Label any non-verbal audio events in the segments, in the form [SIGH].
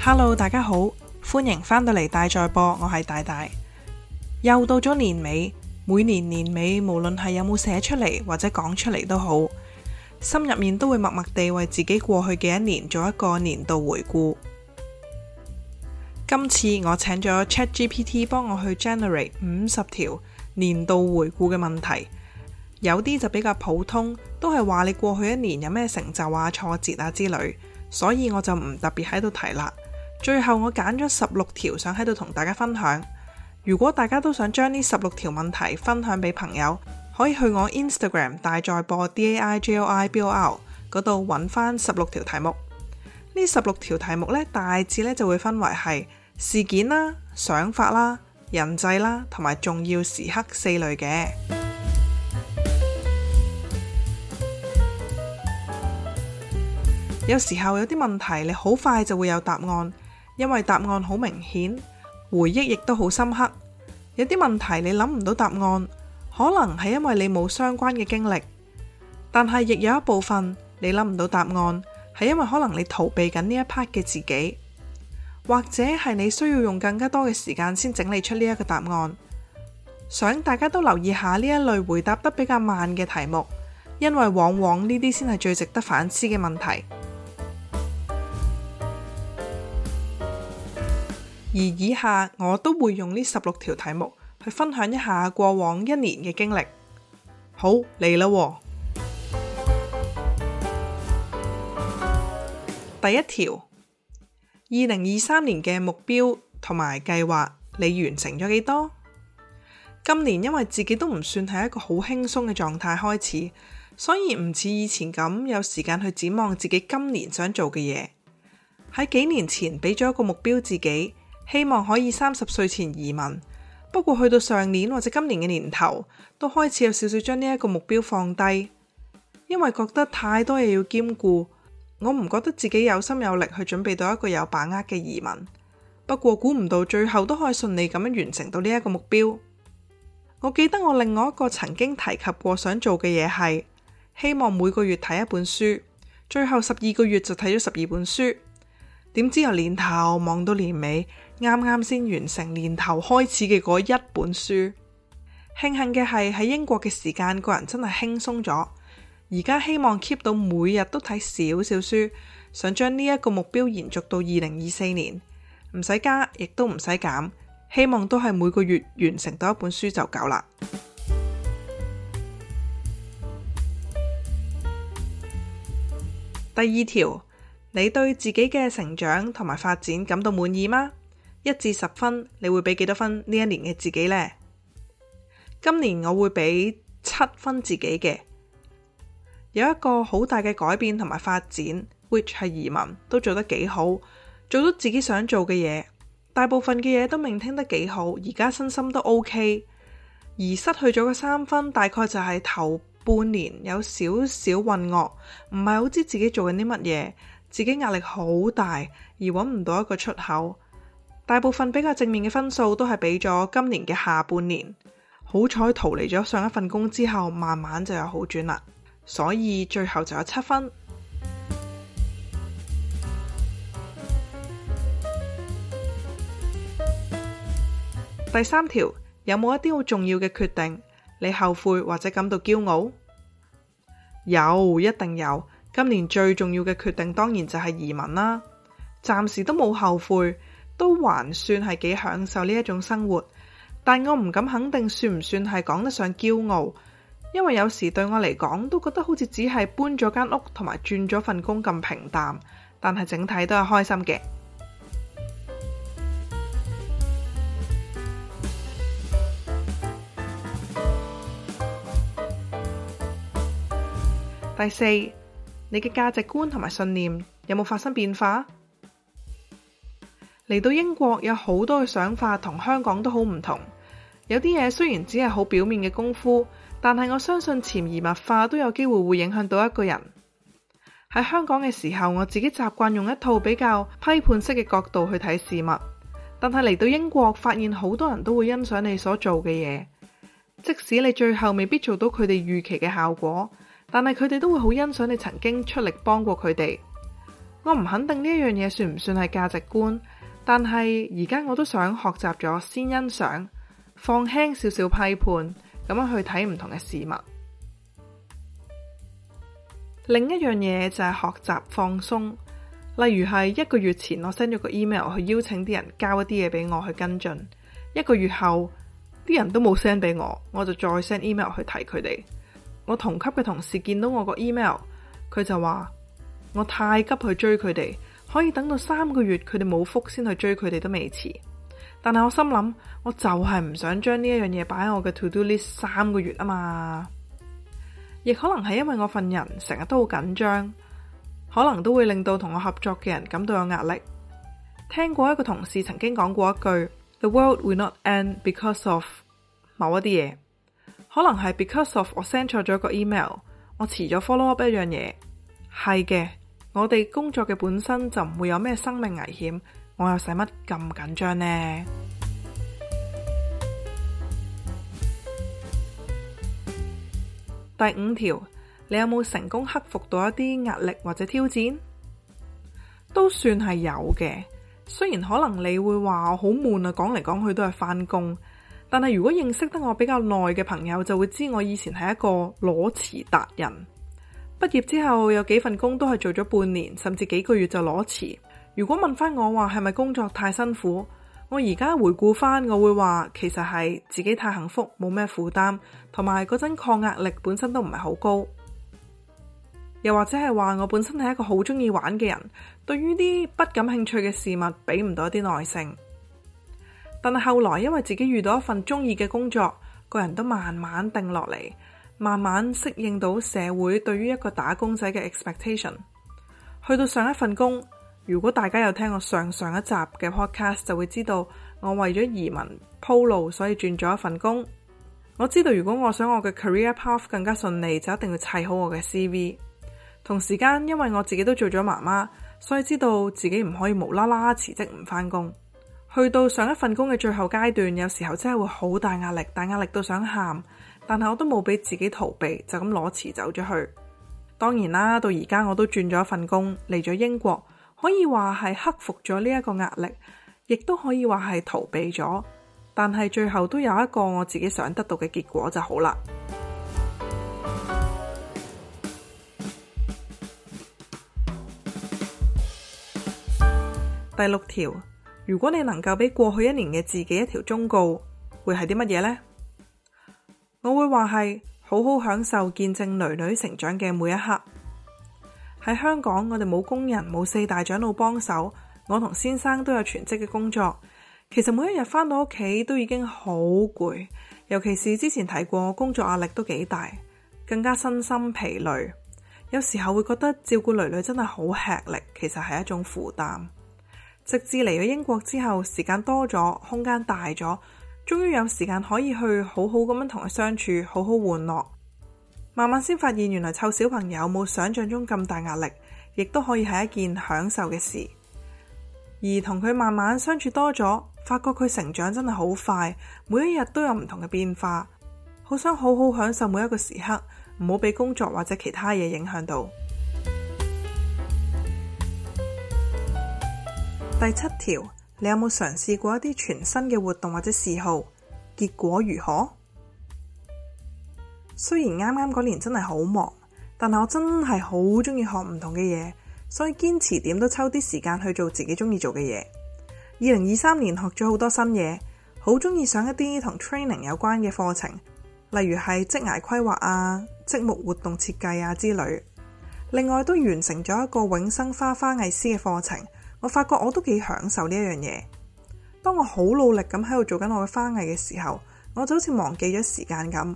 Hello，大家好，歡迎返到嚟大再播，我係大大。又到咗年尾，每年年尾無論係有冇寫出嚟或者講出嚟都好，心入面都會默默地為自己過去嘅一年做一個年度回顧。今次我請咗 ChatGPT 幫我去 generate 五十條年度回顧嘅問題。有啲就比較普通，都係話你過去一年有咩成就啊、挫折啊之類，所以我就唔特別喺度提啦。最後我揀咗十六條想喺度同大家分享。如果大家都想將呢十六條問題分享俾朋友，可以去我 Instagram 大在播 D A I J O I B O R 嗰度揾翻十六條題目。呢十六條題目呢，大致呢就會分為係事件啦、想法啦、人際啦同埋重要時刻四類嘅。有時候有啲問題，你好快就會有答案，因為答案好明顯，回憶亦都好深刻。有啲問題你諗唔到答案，可能係因為你冇相關嘅經歷，但係亦有一部分你諗唔到答案，係因為可能你逃避緊呢一 part 嘅自己，或者係你需要用更加多嘅時間先整理出呢一個答案。想大家都留意下呢一類回答得比較慢嘅題目，因為往往呢啲先係最值得反思嘅問題。而以下我都會用呢十六條題目去分享一下過往一年嘅經歷。好嚟啦，哦，第一條，二零二三年嘅目標同埋計劃，你完成咗幾多？今年因為自己都唔算係一個好輕鬆嘅狀態開始，所以唔似以前咁有時間去展望自己今年想做嘅嘢。喺幾年前俾咗一個目標自己。希望可以三十歲前移民，不過去到上年或者今年嘅年頭，都開始有少少將呢一個目標放低，因為覺得太多嘢要兼顧，我唔覺得自己有心有力去準備到一個有把握嘅移民。不過估唔到最後都可以順利咁樣完成到呢一個目標。我記得我另外一個曾經提及過想做嘅嘢係希望每個月睇一本書，最後十二個月就睇咗十二本書，點知由年頭望到年尾。啱啱先完成年頭開始嘅嗰一本書，慶幸嘅係喺英國嘅時間個人真係輕鬆咗。而家希望 keep 到每日都睇少少書，想將呢一個目標延續到二零二四年，唔使加，亦都唔使減，希望都係每個月完成到一本書就夠啦。第二條，你對自己嘅成長同埋發展感到滿意嗎？一至十分，你會俾幾多分呢？一年嘅自己呢？今年我會俾七分自己嘅。有一個好大嘅改變同埋發展，which 係移民都做得幾好，做到自己想做嘅嘢。大部分嘅嘢都命聽得幾好，而家身心都 OK。而失去咗嘅三分，大概就係頭半年有少少混噩，唔係好知自己做緊啲乜嘢，自己壓力好大，而揾唔到一個出口。大部分比較正面嘅分數都係俾咗今年嘅下半年，好彩逃離咗上一份工之後，慢慢就有好轉啦。所以最後就有七分。 [MUSIC] 第三條有冇一啲好重要嘅決定？你後悔或者感到驕傲？有，一定有。今年最重要嘅決定當然就係移民啦，暫時都冇後悔。都還算係幾享受呢一種生活，但我唔敢肯定算唔算係講得上驕傲，因為有時對我嚟講，都覺得好似只係搬咗間屋同埋轉咗份工咁平淡，但係整體都係開心嘅。第四，你嘅價值觀同埋信念有冇發生變化？嚟到英國有好多嘅想法，同香港都好唔同。有啲嘢雖然只係好表面嘅功夫，但係我相信潛移默化都有機會會影響到一個人。喺香港嘅時候，我自己習慣用一套比較批判式嘅角度去睇事物。但係嚟到英國，發現好多人都會欣賞你所做嘅嘢，即使你最後未必做到佢哋預期嘅效果，但係佢哋都會好欣賞你曾經出力幫過佢哋。我唔肯定呢一樣嘢算唔算係價值觀。但係而家我都想學習咗先欣賞，放輕少少批判，咁樣去睇唔同嘅事物。另一樣嘢就係學習放鬆，例如係一個月前我 send 咗個 email 去邀請啲人交一啲嘢俾我去跟進，一個月後啲人都冇 send 俾我，我就再 send email 去睇佢哋。我同級嘅同事見到我個 email，佢就話我太急去追佢哋。可以等到三個月佢哋冇覆先去追佢哋都未遲，但係我心諗我就係唔想將呢一樣嘢擺喺我嘅 to do list 三個月啊嘛，亦可能係因為我份人成日都好緊張，可能都會令到同我合作嘅人感到有壓力。聽過一個同事曾經講過一句：The world will not end because of 某一啲嘢，可能係 because of 我 send 錯咗一個 email，我遲咗 follow up 一樣嘢，係嘅。我哋工作嘅本身就唔會有咩生命危險，我又使乜咁緊張呢？第五條，你有冇成功克服到一啲壓力或者挑戰？都算係有嘅，雖然可能你會話好悶啊，講嚟講去都係翻工。但係如果認識得我比較耐嘅朋友就會知我以前係一個裸辭達人。畢業之後有幾份工都係做咗半年甚至幾個月就攞辭。如果問翻我話係咪工作太辛苦，我而家回顧翻，我會話其實係自己太幸福，冇咩負擔，同埋嗰陣抗壓力本身都唔係好高。又或者係話我本身係一個好中意玩嘅人，對於啲不感興趣嘅事物俾唔到一啲耐性。但係後來因為自己遇到一份中意嘅工作，個人都慢慢定落嚟。慢慢適應到社會對於一個打工仔嘅 expectation，去到上一份工，如果大家有聽我上上一集嘅 podcast，就會知道我為咗移民鋪路，olo, 所以轉咗一份工。我知道如果我想我嘅 career path 更加順利，就一定要砌好我嘅 CV。同時間，因為我自己都做咗媽媽，所以知道自己唔可以無啦啦辭職唔返工。去到上一份工嘅最後階段，有時候真係會好大壓力，大壓力到想喊。但係我都冇俾自己逃避，就咁攞辭走咗去。當然啦，到而家我都轉咗一份工，嚟咗英國，可以話係克服咗呢一個壓力，亦都可以話係逃避咗。但係最後都有一個我自己想得到嘅結果就好啦。 [MUSIC] 第六條，如果你能夠俾過去一年嘅自己一條忠告，會係啲乜嘢呢？我會話係好好享受見證女女成長嘅每一刻。喺香港，我哋冇工人，冇四大長老幫手，我同先生都有全職嘅工作。其實每一日返到屋企都已經好攰，尤其是之前睇過工作壓力都幾大，更加身心疲累。有時候會覺得照顧女女真係好吃力，其實係一種負擔。直至嚟咗英國之後，時間多咗，空間大咗。終於有時間可以去好好咁樣同佢相處，好好玩樂，慢慢先發現原來湊小朋友冇想象中咁大壓力，亦都可以係一件享受嘅事。而同佢慢慢相處多咗，發覺佢成長真係好快，每一日都有唔同嘅變化，好想好好享受每一個時刻，唔好俾工作或者其他嘢影響到。第七條。你有冇嘗試過一啲全新嘅活動或者嗜好？結果如何？雖然啱啱嗰年真係好忙，但係我真係好鍾意學唔同嘅嘢，所以堅持點都抽啲時間去做自己鍾意做嘅嘢。二零二三年學咗好多新嘢，好鍾意上一啲同 training 有關嘅課程，例如係職涯規劃啊、職務活動設計啊之類。另外，都完成咗一個永生花花藝師嘅課程。我發覺我都幾享受呢一樣嘢。當我好努力咁喺度做緊我嘅花藝嘅時候，我就好似忘記咗時間咁。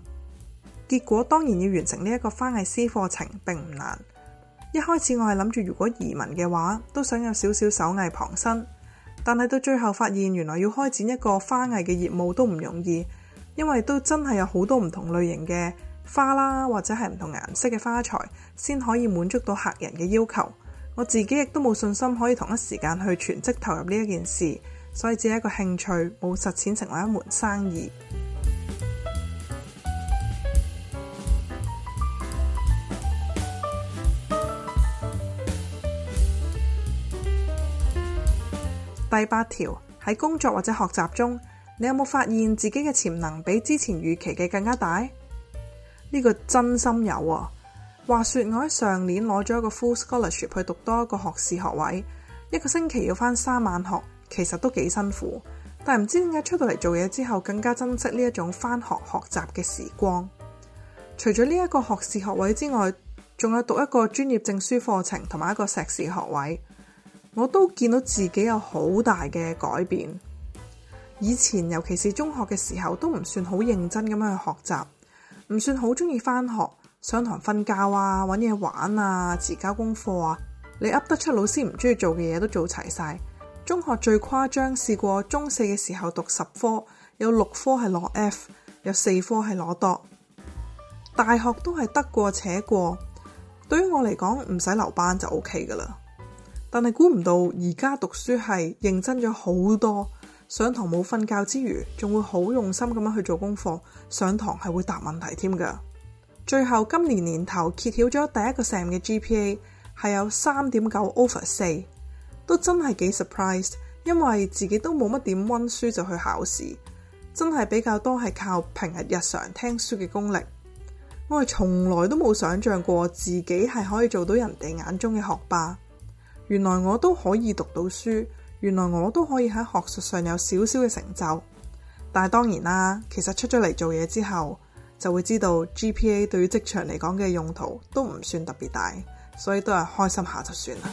結果當然要完成呢一個花藝師課程，並唔難。一開始我係諗住如果移民嘅話，都想有少少手藝傍身。但係到最後發現，原來要開展一個花藝嘅業務都唔容易，因為都真係有好多唔同類型嘅花啦，或者係唔同顏色嘅花材，先可以滿足到客人嘅要求。我自己亦都冇信心可以同一時間去全職投入呢一件事，所以只係一個興趣，冇實踐成為一門生意。第八條，喺工作或者學習中，你有冇發現自己嘅潛能比之前預期嘅更加大？呢個真心有啊！話說我喺上年攞咗一個 full scholarship 去讀多一個學士學位，一個星期要翻三晚學，其實都幾辛苦。但唔知點解出到嚟做嘢之後，更加珍惜呢一種翻學學習嘅時光。除咗呢一個學士學位之外，仲有讀一個專業證書課程同埋一個碩士學位，我都見到自己有好大嘅改變。以前尤其是中學嘅時候，都唔算好認真咁樣去學習，唔算好中意翻學。上堂瞓覺啊，搵嘢玩啊，遲交功課啊，你噏得出老師唔中意做嘅嘢都做齊晒。中學最誇張，試過中四嘅時候讀十科，有六科係攞 F，有四科係攞 D。大學都係得過且過，對於我嚟講唔使留班就 OK 噶啦。但係估唔到而家讀書係認真咗好多，上堂冇瞓覺之餘，仲會好用心咁樣去做功課，上堂係會答問題添噶。最後今年年頭揭曉咗第一個 sem 嘅 GPA 係有三點九 over 四，都真係幾 surprise，因為自己都冇乜點溫書就去考試，真係比較多係靠平日日常聽書嘅功力。我係從來都冇想象過自己係可以做到人哋眼中嘅學霸，原來我都可以讀到書，原來我都可以喺學術上有少少嘅成就。但係當然啦，其實出咗嚟做嘢之後，就會知道 GPA 對於職場嚟講嘅用途都唔算特別大，所以都係開心下就算啦。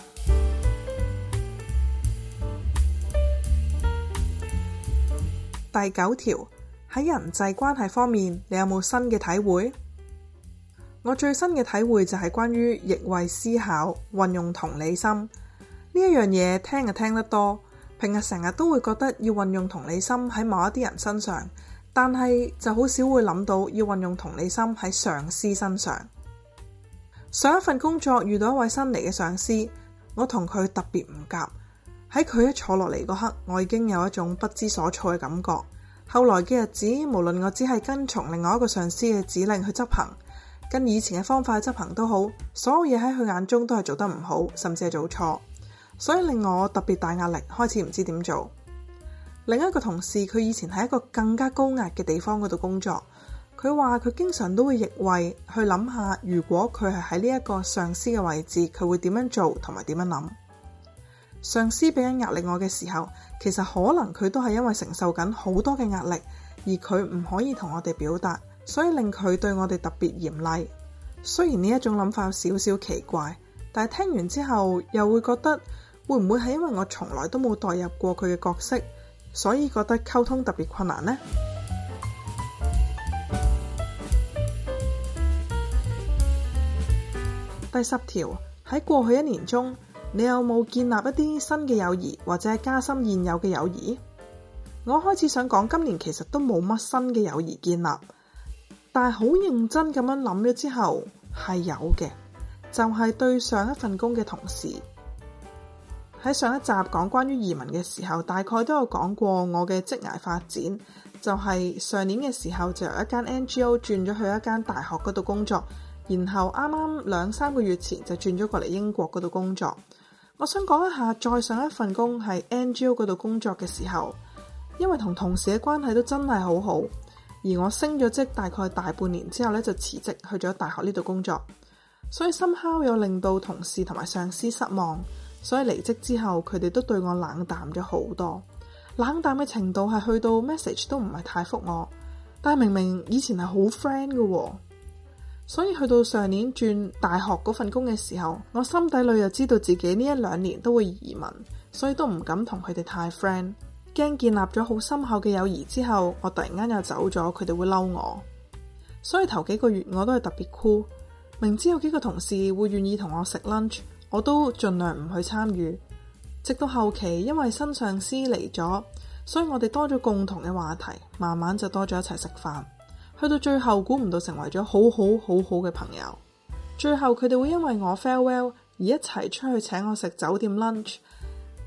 第九條，喺人際關係方面，你有冇新嘅體會？我最新嘅體會就係關於逆位思考，運用同理心呢一樣嘢，聽就聽得多，平日成日都會覺得要運用同理心喺某一啲人身上。但係就好少會諗到要運用同理心喺上司身上。上一份工作遇到一位新嚟嘅上司，我同佢特別唔夾。喺佢一坐落嚟嗰刻，我已經有一種不知所措嘅感覺。後來嘅日子，無論我只係跟從另外一個上司嘅指令去執行，跟以前嘅方法去執行都好，所有嘢喺佢眼中都係做得唔好，甚至係做錯，所以令我特別大壓力，開始唔知點做。另一個同事，佢以前喺一個更加高壓嘅地方嗰度工作。佢話佢經常都會逆位去諗下，如果佢係喺呢一個上司嘅位置，佢會點樣做同埋點樣諗？上司俾緊壓力我嘅時候，其實可能佢都係因為承受緊好多嘅壓力，而佢唔可以同我哋表達，所以令佢對我哋特別嚴厲。雖然呢一種諗法有少少奇怪，但係聽完之後又會覺得會唔會係因為我從來都冇代入過佢嘅角色？所以覺得溝通特別困難呢？第十條，喺過去一年中，你有冇建立一啲新嘅友誼，或者加深現有嘅友誼？我開始想講，今年其實都冇乜新嘅友誼建立，但係好認真咁樣諗咗之後係有嘅，就係對上一份工嘅同事。喺上一集講關於移民嘅時候，大概都有講過我嘅職涯發展就係上年嘅時候就由一間 N G O 轉咗去一間大學嗰度工作，然後啱啱兩三個月前就轉咗過嚟英國嗰度工作。我想講一下再上一份工係 N G O 嗰度工作嘅時候，因為同同事嘅關係都真係好好，而我升咗職，大概大半年之後咧就辭職去咗大學呢度工作，所以 somehow 有令到同事同埋上司失望。所以離職之後，佢哋都對我冷淡咗好多，冷淡嘅程度係去到 message 都唔係太覆我。但係明明以前係好 friend 嘅喎、哦，所以去到上年轉大學嗰份工嘅時候，我心底裏又知道自己呢一兩年都會移民，所以都唔敢同佢哋太 friend，驚建立咗好深厚嘅友誼之後，我突然間又走咗，佢哋會嬲我。所以頭幾個月我都係特別 cool，明知有幾個同事會願意同我食 lunch。我都盡量唔去參與，直到後期因為新上司嚟咗，所以我哋多咗共同嘅話題，慢慢就多咗一齊食飯。去到最後，估唔到成為咗好好好好嘅朋友。最後佢哋會因為我 farewell 而一齊出去請我食酒店 lunch。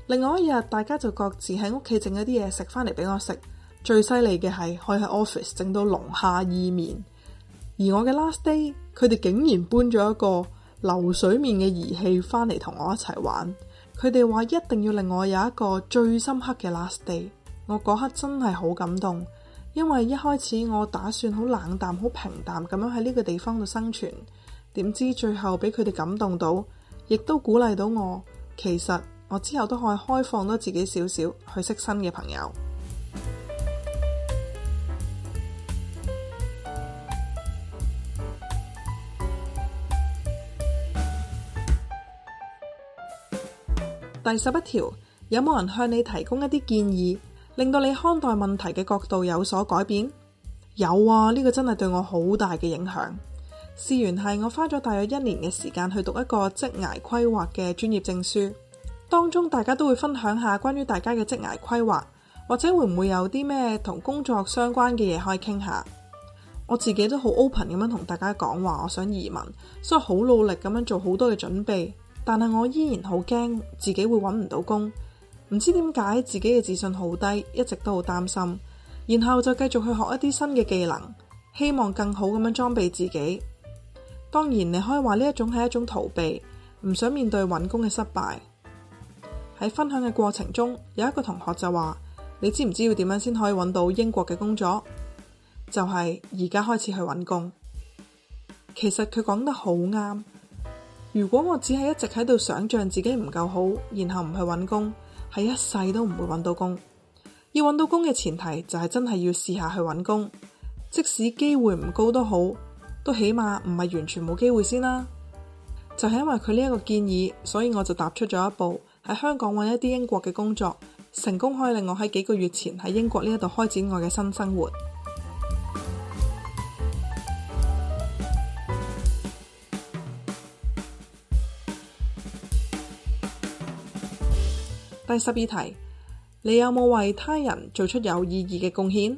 另外一日，大家就各自喺屋企整咗啲嘢食翻嚟俾我食。最犀利嘅係，可以喺 office 整到龍蝦意麵，而我嘅 last day，佢哋竟然搬咗一個流水面嘅儀器返嚟同我一齊玩，佢哋話一定要令我有一個最深刻嘅 last day。我嗰刻真係好感動，因為一開始我打算好冷淡、好平淡咁樣喺呢個地方度生存，點知最後俾佢哋感動到，亦都鼓勵到我。其實我之後都可以開放多自己少少去識新嘅朋友。第十一條，有冇人向你提供一啲建議，令到你看待問題嘅角度有所改變？有啊，呢個真係對我好大嘅影響。事緣係我花咗大約一年嘅時間去讀一個職涯規劃嘅專業證書，當中大家都會分享下關於大家嘅職涯規劃，或者會唔會有啲咩同工作相關嘅嘢可以傾下？我自己都好 open 咁樣同大家講話，我想移民，所以好努力咁樣做好多嘅準備。但係我依然好驚自己會揾唔到工，唔知點解自己嘅自信好低，一直都好擔心。然後就繼續去學一啲新嘅技能，希望更好咁樣裝備自己。當然你可以話呢一種係一種逃避，唔想面對揾工嘅失敗。喺分享嘅過程中，有一個同學就話：你知唔知要點樣先可以揾到英國嘅工作？就係而家開始去揾工。其實佢講得好啱。如果我只係一直喺度想象自己唔夠好，然後唔去揾工，係一世都唔會揾到工。要揾到工嘅前提就係真係要試下去揾工，即使機會唔高都好，都起碼唔係完全冇機會先啦。就係因為佢呢一個建議，所以我就踏出咗一步，喺香港揾一啲英國嘅工作，成功可以令我喺幾個月前喺英國呢一度開展我嘅新生活。第十二題，你有冇為他人做出有意義嘅貢獻？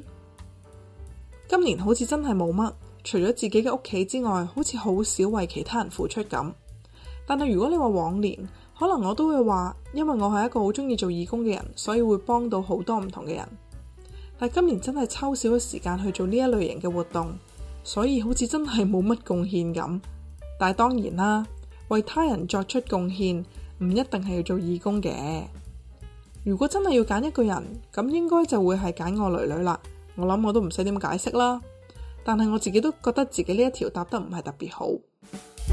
今年好似真係冇乜，除咗自己嘅屋企之外，好似好少為其他人付出咁。但係如果你話往年，可能我都會話，因為我係一個好中意做義工嘅人，所以會幫到好多唔同嘅人。但今年真係抽少咗時間去做呢一類型嘅活動，所以好似真係冇乜貢獻咁。但係當然啦，為他人作出貢獻唔一定係要做義工嘅。如果真係要揀一個人，咁應該就會係揀我女女啦。我諗我都唔使點解釋啦。但係我自己都覺得自己呢一條答得唔係特別好。 [MUSIC]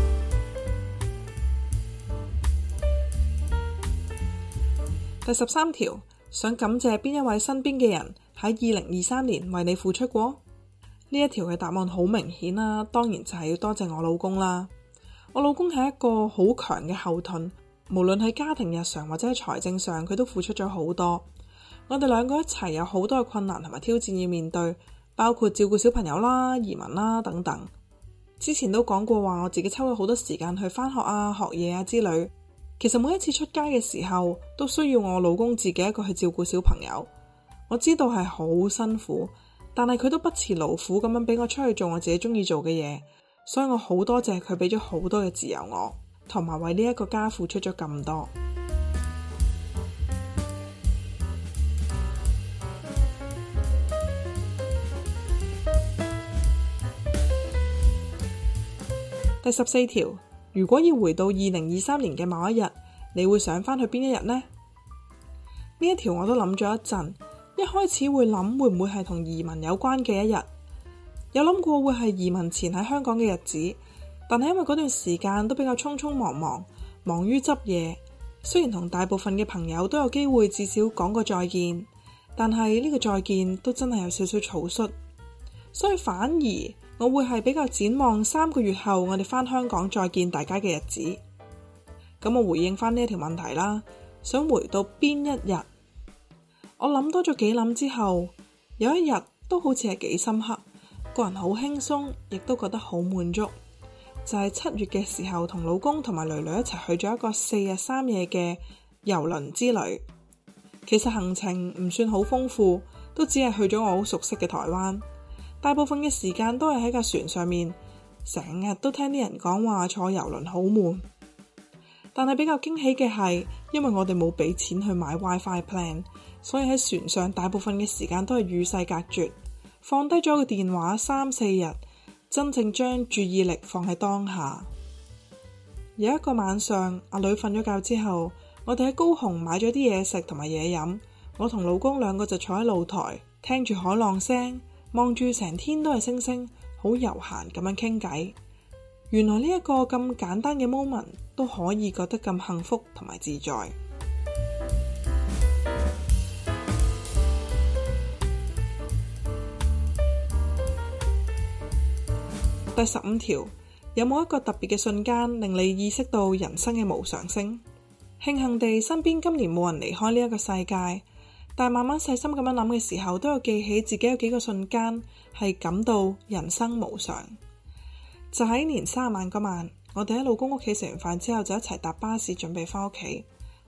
第十三條，想感謝邊一位身邊嘅人喺二零二三年為你付出過？呢一條嘅答案好明顯啦，啊，當然就係要多謝我老公啦。我老公係一個好強嘅後盾。無論喺家庭日常或者喺財政上，佢都付出咗好多。我哋兩個一齊有好多嘅困難同埋挑戰要面對，包括照顧小朋友啦、移民啦等等。之前都講過話，我自己抽咗好多時間去返學啊、學嘢啊之類。其實每一次出街嘅時候，都需要我老公自己一個去照顧小朋友。我知道係好辛苦，但係佢都不辭勞苦咁樣俾我出去做我自己中意做嘅嘢，所以我好多謝佢俾咗好多嘅自由我。同埋為呢一個家付出咗咁多。第十四條，如果要回到二零二三年嘅某一日，你會想返去邊一日呢？呢一條我都諗咗一陣，一開始會諗會唔會係同移民有關嘅一日，有諗過會係移民前喺香港嘅日子。但係因為嗰段時間都比較匆匆忙忙，忙於執嘢。雖然同大部分嘅朋友都有機會至少講過再見，但係呢個再見都真係有少少草率，所以反而我會係比較展望三個月後我哋返香港再見大家嘅日子。咁我回應返呢一條問題啦，想回到邊一日？我諗多咗幾諗之後，有一日都好似係幾深刻，個人好輕鬆，亦都覺得好滿足。就係七月嘅時候，同老公同埋女女一齊去咗一個四日三夜嘅遊輪之旅。其實行程唔算好豐富，都只係去咗我好熟悉嘅台灣。大部分嘅時間都係喺架船上面，成日都聽啲人講話坐遊輪好悶。但係比較驚喜嘅係，因為我哋冇俾錢去買 WiFi plan，所以喺船上大部分嘅時間都係與世隔絕，放低咗個電話三四日。真正將注意力放喺當下。有一個晚上，阿女瞓咗覺之後，我哋喺高雄買咗啲嘢食同埋嘢飲，我同老公兩個就坐喺露台，聽住海浪聲，望住成天都係星星，好悠閒咁樣傾偈。原來呢一個咁簡單嘅 moment 都可以覺得咁幸福同埋自在。第十五條，有冇一個特別嘅瞬間令你意識到人生嘅無常性？慶幸地身邊今年冇人離開呢一個世界，但慢慢細心咁樣諗嘅時候，都有記起自己有幾個瞬間係感到人生無常。就喺年卅晚嗰晚，我哋喺老公屋企食完飯之後，就一齊搭巴士準備翻屋企。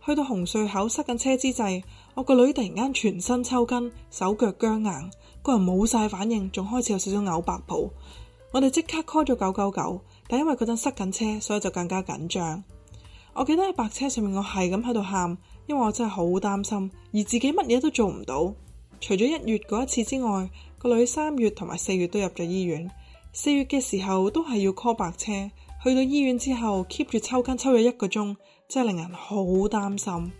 去到紅隧口塞緊車之際，我個女突然間全身抽筋，手腳僵硬，個人冇晒反應，仲開始有少少嘔白泡。我哋即刻 call 咗九九九，但因為嗰陣塞緊車，所以就更加緊張。我記得喺白車上面，我係咁喺度喊，因為我真係好擔心，而自己乜嘢都做唔到。除咗一月嗰一次之外，個女三月同埋四月都入咗醫院。四月嘅時候都係要 call 白車，去到醫院之後 keep 住抽筋抽咗一個鐘，真係令人好擔心。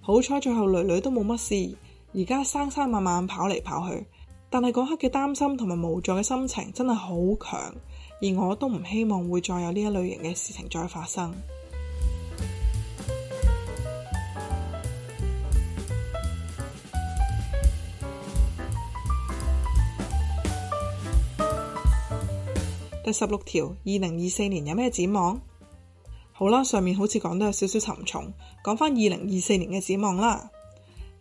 好彩最後女女都冇乜事，而家生生猛猛跑嚟跑去。但係嗰刻嘅擔心同埋無助嘅心情真係好強，而我都唔希望會再有呢一類型嘅事情再發生。 [MUSIC] 第十六條，二零二四年有咩展望？好啦，上面好似講得有少少沉重，講返二零二四年嘅展望啦。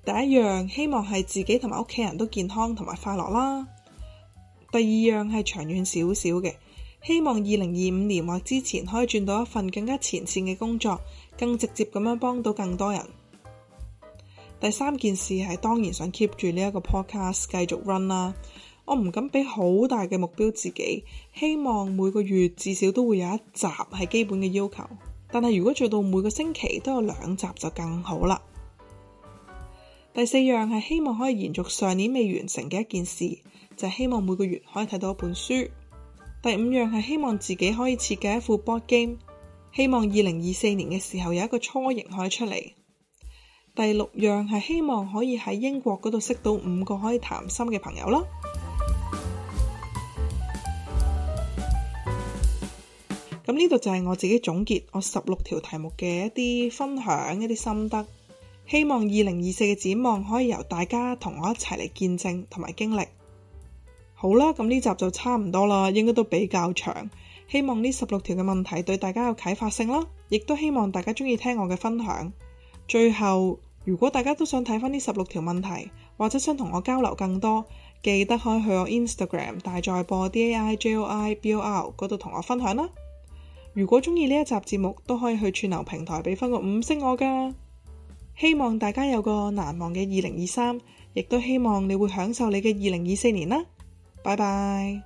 第一樣希望係自己同埋屋企人都健康同埋快樂啦。第二樣係長遠少少嘅，希望二零二五年或之前可以轉到一份更加前線嘅工作，更直接咁樣幫到更多人。第三件事係當然想 keep 住呢一個 podcast 繼續 run 啦。我唔敢俾好大嘅目標自己，希望每個月至少都會有一集係基本嘅要求。但係如果做到每個星期都有兩集就更好啦。第四樣係希望可以延續上年未完成嘅一件事，就係、是、希望每個月可以睇到一本書。第五樣係希望自己可以設計一副 board game，希望二零二四年嘅時候有一個初型可以出嚟。第六樣係希望可以喺英國嗰度識到五個可以談心嘅朋友啦。咁呢度就係我自己總結我十六條題目嘅一啲分享一啲心得。希望二零二四嘅展望可以由大家同我一齊嚟，見證同埋經歷。好啦，咁呢集就差唔多啦，應該都比較長。希望呢十六條嘅問題對大家有啟發性啦，亦都希望大家中意聽我嘅分享。最後，如果大家都想睇翻呢十六條問題，或者想同我交流更多，記得可以去我 Instagram 大在播 d a i j o i b o r 嗰度同我分享啦。如果中意呢一集節目，都可以去串流平台俾翻個五星我噶。希望大家有個難忘嘅二零二三，亦都希望你會享受你嘅二零二四年啦。拜拜。